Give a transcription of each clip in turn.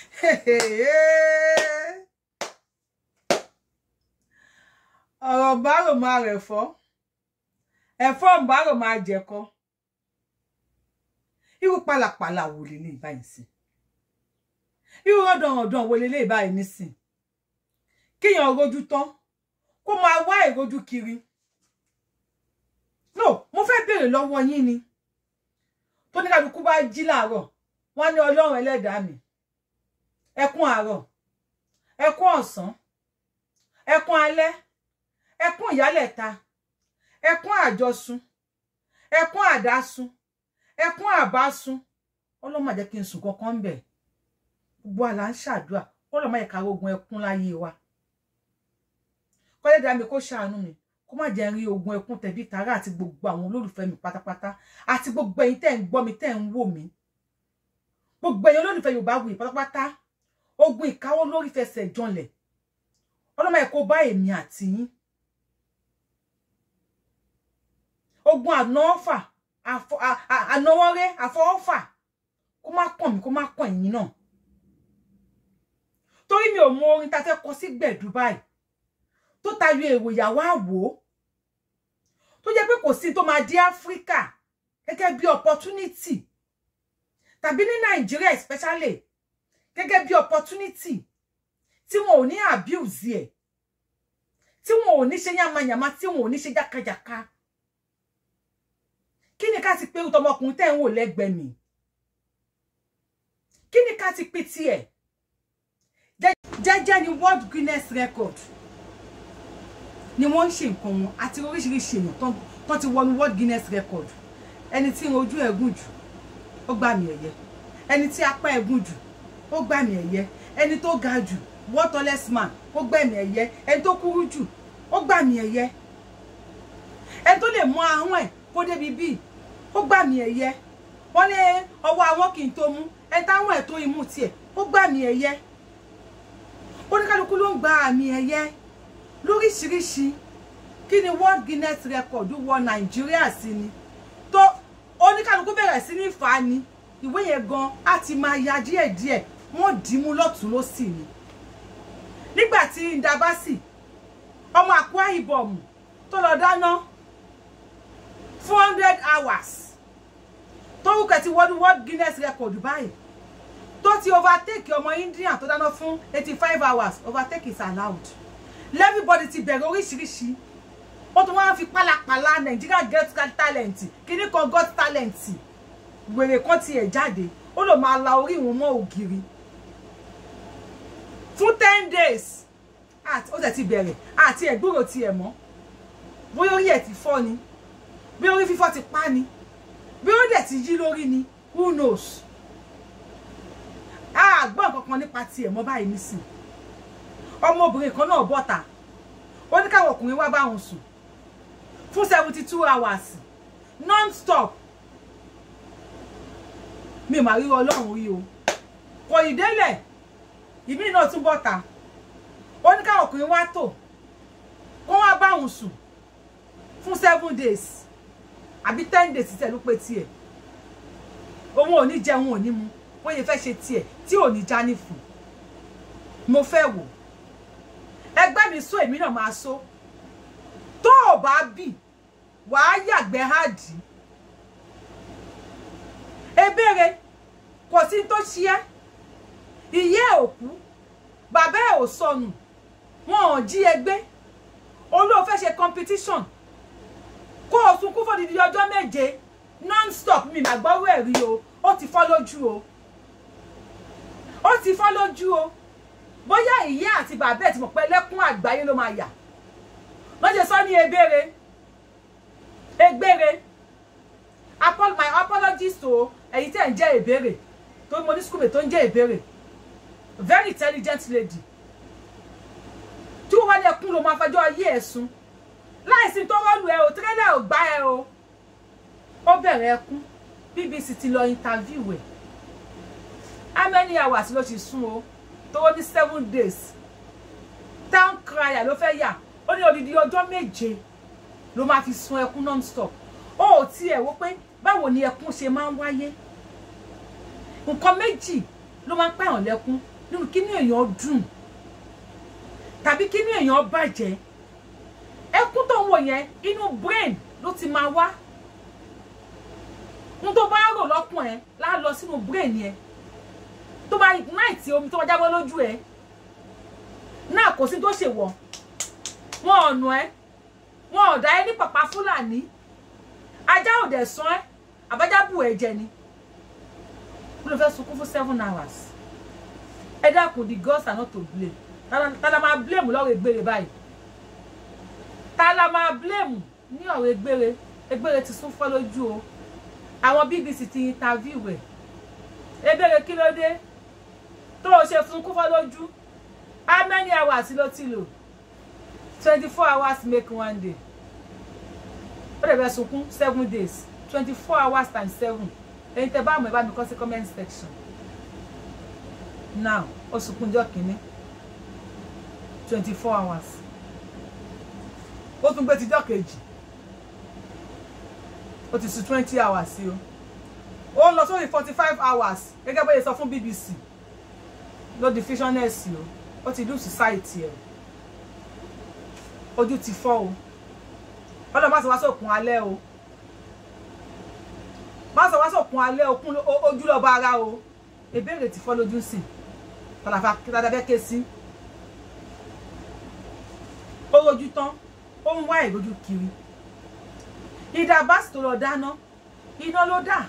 ọ̀rọ̀ bárò máa rẹ̀fọ́ ẹ̀fọ́ bárò máa jẹ̀kọ irú pàlàpàlà wò lè lè báyìí sí irú ọ̀dọ̀ọ̀dọ̀ wò lè lè báyìí nísìn kíyàn rojú tán kó máa wá ìrojú kiri no mo fẹ́ béèrè lọ́wọ́ yín ni tó ní kálukú bá jí láàárọ̀ wọ́n ní ọlọ́run ẹlẹ́dàá mi ẹkún àárọ̀ ẹkún ọ̀sán ẹkún alẹ́ ẹkún ìyálẹ̀ta ẹkún àjọsùn ẹkún àdásùn ẹkún àbásùn ọlọ́mọ àjẹ́ kí n sùn kankan bẹ̀ gbogbo àlà ń ṣàdúrà ọlọ́mọ àyẹ̀ká ogun ẹkún láyé wa kọ́lẹ́dà mi kó ṣàánú mi kó má jẹ́ rí ogun ẹkún tẹ̀bí tààrà àti gbogbo àwọn olólùfẹ́ mi pátápátá àti gbogbo ẹ̀yin tẹ́ ń gbọ́ mi tẹ́ ń wò mí gbogbo ẹ̀yin olólùfẹ́ Yorùbá wù yìí pátápátá ogun ìkáwọ́ lórí fẹsẹ̀ janlẹ̀ ọlọ́mọ ẹ̀ kó bá èmi àti yín ogun ànáọ́fà ànáwọ́rẹ́ àfọwọ́fà kó má kàn mí kó má kàn yín náà torí mi ò mọ orin ta fẹ́ kọ sí gbẹ̀dú báyìí tó tayọ èrò ìyàwó àwò tó jẹ́ pé kò sí tó máa dé áfíríkà gẹ́gẹ́ bí opportunity tàbí ní Nigeria especially gẹ́gẹ́ bi opportunity tí wọn ò abuse ẹ̀ tí wọn ò ní ṣe yàmàyàmà tí wọn ò ní ṣe jákàjàká kí ni ká ti pé tọmọkùnrin tẹ́ ń wò mi kí ni ká ti pé tiẹ̀ jẹ́jẹ́ ni world guinness record ni wọ́n ń ṣe nǹkan wọn àti oríṣiríṣi èèyàn tán ti wọnú world guinness record ẹni tí ojú ẹ̀ gùn jù ó gbà mí ẹ̀yẹ ẹni tí ó gbàmì ẹ̀yẹ ẹni tó ga jù waterless man ó gbàmì ẹ̀yẹ ẹni tó kúrú jù ó gbàmì ẹ̀yẹ ẹni tó lè mú ahọ́n ẹ̀ kó débi bíi ó gbàmì ẹ̀yẹ wọ́n ní ọwọ́ àwọn kì í tó mú ẹni táwọn ẹ̀ tó imú tiẹ̀ ó gbàmì ẹ̀yẹ oníkálukú ló ń gba àmì ẹ̀yẹ lóríṣiríṣi kí ni world guinness record wọ nàìjíríà sí ni tó oníkálukú bẹ̀rẹ̀ sí ní fa ni ìwé yẹn gan á ti máa ya díẹ̀díẹ̀ wọ́n dì í mú lọ́tún lọ́sì ni nígbà tí ndabasi ọmọ àkúá ìbọ̀mù tó lọ dáná four hundred hours tó wúkẹ́ ti wọ́n world guinness record báyìí tó ti overtake ọmọ india tó dáná fún eighty five hours overtake is allowed everybody ti bẹ̀rẹ̀ oríṣiríṣi ó tún wá fi pálapàla nàìjíríà get talent kíní kan got talent wèrè kan tiẹ̀ jáde ó lò máa la orí ìwọ̀n mọ́ ògiri fún ten days ó tẹ̀ ti bẹ̀rẹ̀ àti ẹ̀gbúrò tiẹ̀ mọ́ bóyá orí ẹ̀ ti fọ́ ni bóyá orí fífọ́ ti pa ni bóyá ó dẹ̀ ti yí lórí ni who knows a gbọ́ kankan nípa tiẹ̀ mọ́ báyìí nísìn ọmọbìnrin kan náà bọ́ta ó ní káwọn ọkùnrin wá bá òun sùn fún seventy two hours non-stop mi mà ríro ọlọ́run rí o kò ì délẹ̀ ìmí náà tún bọ́ta ó ní káwọn ọkùnrin wá tò kó wá bá òun sùn fún seven days àbí ten days tẹ̀ ló pé tiẹ̀ òun ò ní jẹun ò ní mu wọ́n yẹ fẹ́ ṣe tiẹ̀ tí ò ní já ní fún mo fẹ́ wò ẹgbẹ́ mi sọ èmi náà máa sọ tó o bá bì wàá yàgbẹ́ háàdì ebéèrè kò sí tó ṣe ìyá ẹ̀ ò kú bàbá ẹ̀ ò sọnù wọn ò jí ẹgbẹ́ olóò fẹ́ ṣe competition kó o sunkún fún odidi ọjọ́ méje non-stop mi mà gbọ́wọ́ ẹ̀ rí o ó ti fọ́ lójú o ó ti fọ́ lójú o bóyá ìyá àti bàbá ẹ̀ ti mọ̀ pé ẹlẹ́kún àgbáyé ló máa yà wọ́n ṣe sọ ní egbére egbére my apologies to ẹ̀yin tẹ̀ ń jẹ́ ìbéèrè tó mo ní skúlẹ̀ tó ń jẹ́ ìbéèrè very intelligent lady tí wọ́n bá ní ẹkún ló máa fẹjọ́ ayé ẹ̀ sùn láìsí tó rọ́ọ̀lù ẹ o tírélà ò gbá ẹ o ó bẹ̀rẹ̀ ẹkún BBC ti lọ interview ẹ̀ how many hours ló ti sùn o tó wọ́n ní seven days town crier ló fẹ́ yà ó ní odidi ọjọ́ méje ló máa fi sun ẹkún non-stop ó ò tiẹ̀ wò pé báwo ni ẹkún ṣe máa ń wáyé nǹkan méjì ló máa ń pààyàn lẹ́kún nínú kínú èèyàn dùn tàbí kínú èèyàn bàjẹ́ ẹkún tó ń wò yẹn inú brain ló ti máa wá n tó bá rò lọ́kùn ẹ láà lọ sínú brain yẹn tó bá náìtì omi tó bá jábọ́ lójú ẹ náà kò sí tó ṣe wọ̀ wọn ọ̀nà ẹ wọn ọ̀dà ẹ ní pàpà fúlàní ajá ò dẹ̀ sán ẹ àbájá bù ẹ̀jẹ̀ ni mo lè fẹ́ sunkún fún seven hours ẹ dákun the gods are not to blame ta la máa blame lọ́rọ̀ egbére báyìí ta la máa blame ní ọ̀rọ̀ egbére egbére ti sún fọ́ lójú o àwọn bbc ti interview ẹ̀ egbére kí ló dé tó o ṣe sunkún fọ́ lójú how many hours ló ti lò twenty four hours make one day ó dẹ̀ bẹ́ẹ̀ sunkún seven days twenty four hours times seven ẹ̀yin tẹ́ bá mọ̀ ẹ bá mi kọ sí comment section now ó sunkúnjọ́ kínní twenty four hours ó tún gbé tijọ́ kejì ó ti sùn twenty hours sí o ó lọ sórí forty five hours gẹ́gẹ́ bóyá sọ fún BBC ló di fissioness o ó ti do society ẹ̀ ojú ti fọ́ o ọlọ́run má sọ wá sókun alẹ́ o má sọ wá sókun alẹ́ o kún ojú lọ́ba ara o ìbéèrè ti fọ́ lójú sí i tàlàfà tàlàfà ké sí ó rojú tán ó ń wá ìrojú kiri ìdá báàsì tó lọ dáná iná ló dà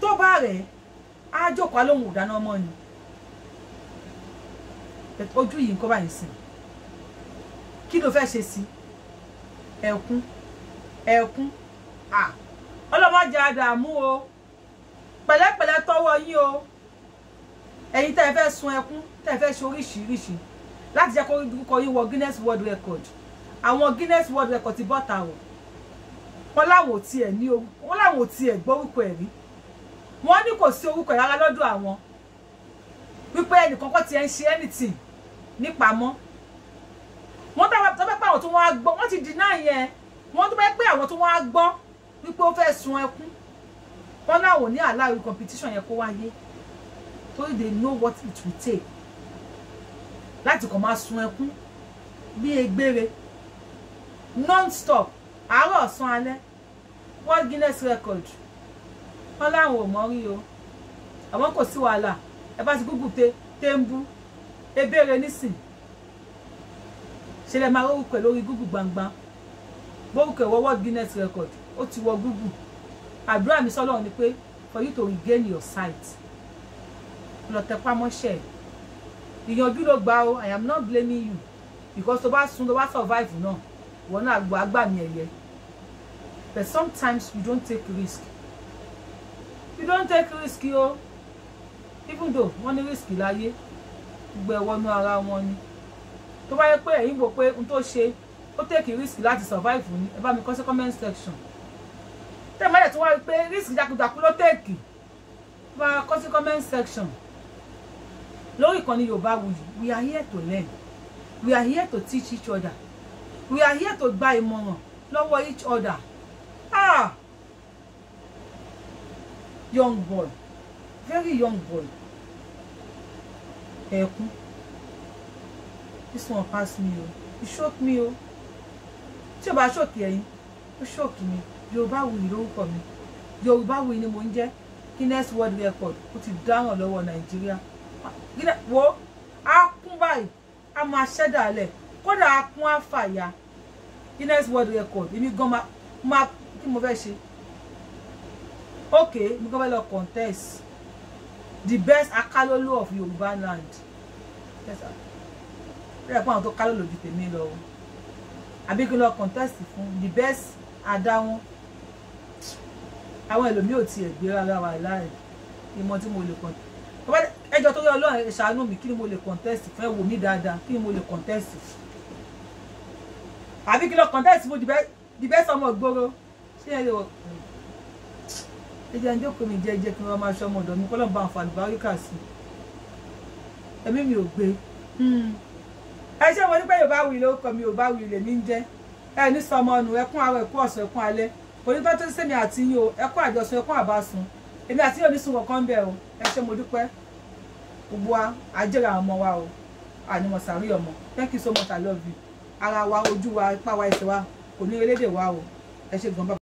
tó bá rẹ̀ á jókòó alóhùn ìdáná ọmọ ni ojú yìí ń kọ́ báyìí sìn kí ló fẹ́ ṣe sí ẹkún ẹkún à ọlọ́mọdé àdààmú o pẹ̀lẹ́pẹ̀lẹ́ tọwọ́ yín ẹ̀yin tẹ́ ẹ fẹ́ sun ẹkún tẹ́ ẹ fẹ́ ṣe oríṣiríṣi láti jẹ́ kó orúkọ yín wọ Guinness World Record àwọn Guinness World Record ti bọ́ta o wọn láwọn ò tiẹ̀ ní wọn láwọn ò tiẹ̀ gbọ́ orúkọ ẹ̀ rí wọn ní kò sí orúkọ ẹ̀ rárá lọ́dọ̀ àwọn wípé ẹnìkan kọ́ tiẹ̀ ń ṣe anything nípamọ́ wọ́n tó fẹ́ pé àwọn tó wọ́n á gbọ́ wọ́n ti dínà yẹn wọ́n tó fẹ́ pé àwọn tó wọ́n á gbọ́ wípé ó fẹ́ sun ẹkún wọ́n náà wò ní àláwí competition yẹn kó wáyé torí they know what it will take láti kàn máa sun ẹkún bí egbére non-stop àárọ̀ ọ̀sán alẹ́ world guinness record wọ́n láwọn ò mọ̀ rí o àwọn kò sí wàhálà ẹ bá ti google pé téńbù ebéèrè nísìn ṣe lè máa rówó pẹ̀ lórí google gbangba bórúkọ ìwọ world guinness record ó ti wọ google àdúrà mi sọ́lọ́run ni pé for you to regain your sight lọ tẹpá mọ́ṣẹ́ ìyànjú ló gbà o i am not blaming you because tó bá sun tó bá survive náà ìwọ náà gbọ́ agbàmì ẹ̀yẹ but sometimes you don't take risk you don't take risk o even though wọ́n ní risk láyé gbogbo ẹ̀ wọnú ara wọn ni tó bá yẹ pé ẹ̀yin wò pé n tó ṣe ó take risk láti survive ni ẹ bá mi kọ sí comment section tẹ́lẹ̀ mọ́lẹ̀ tó wá rí pé risk jákujáku ló take bá kọ sí comment section lórí ìkànnì yorùbá wuyì we are here to learn we are here to teach each other we are here to gba ìmọ̀ràn lọ́wọ́ each other ah young boy very young boy ẹ̀kún this one pass me o e shock me o tí o bá shock ẹ̀yin ó shock mi yorùbá wuyì lórúkọ mi yorùbá wuyì ni mo ń jẹ́ guinness world record ó ti dáràn lọ́wọ́ nàìjíríà wo á kún báyìí a máa ṣẹ́dà lẹ̀ kódà á kún á fàyà Guinness World Record èmi gan máa kí mo fẹ́ ṣe ok mo kàn fẹ́ lọ contest the best akálólú of Yorùbá land rẹ̀ pọ́n àwọn tó kálólù ju tèmi lọ o àbí kí n lọ contest fún the best adáwọn àwọn ẹlòmíì ò tiẹ̀ gbé rárá wa láì ìmọ̀ tí mo lè contest ẹjọ́ tó yẹ ọlọ́run ẹ ṣàánú mi kí ni mo lè contest fún ẹ wò mí dáadáa kí ni mo lè contest àbí kí lọ contest fún dìbẹ́ sọmọ gbòòrò ṣé ẹ lè wọ ẹ jẹ́ ń jókòó mi jẹ́jẹ́ kí wọ́n máa ṣe ọmọ ọ̀dọ́ mi kọ́ lọ́n bá àǹfààní báríkà sí ẹ̀mí mi ò gbé hmm. ẹ ṣé mo ní pé Yorùbá Wuyi lórúkọ mi Yorùbá Wuyi lèmi ń jẹ́ ẹ ní sọmọ ọnù ẹkún àárọ̀ ẹkún ọ̀sán ẹkún alẹ́ onítọ́ tó ń sẹ́mi àti yín o ẹkún àjọsùn ẹkún àbásùn èmi àti yín ò ní sùn kankan ẹ ṣé mo dúpẹ́ gbogbo wa á ọmọ wa o àní wọn sàrí ọmọ thank you so much i love you ara wa ojú wa ipá wa ẹsẹ̀ wa kò ní elédè wa o ẹ ṣe gan bàbá.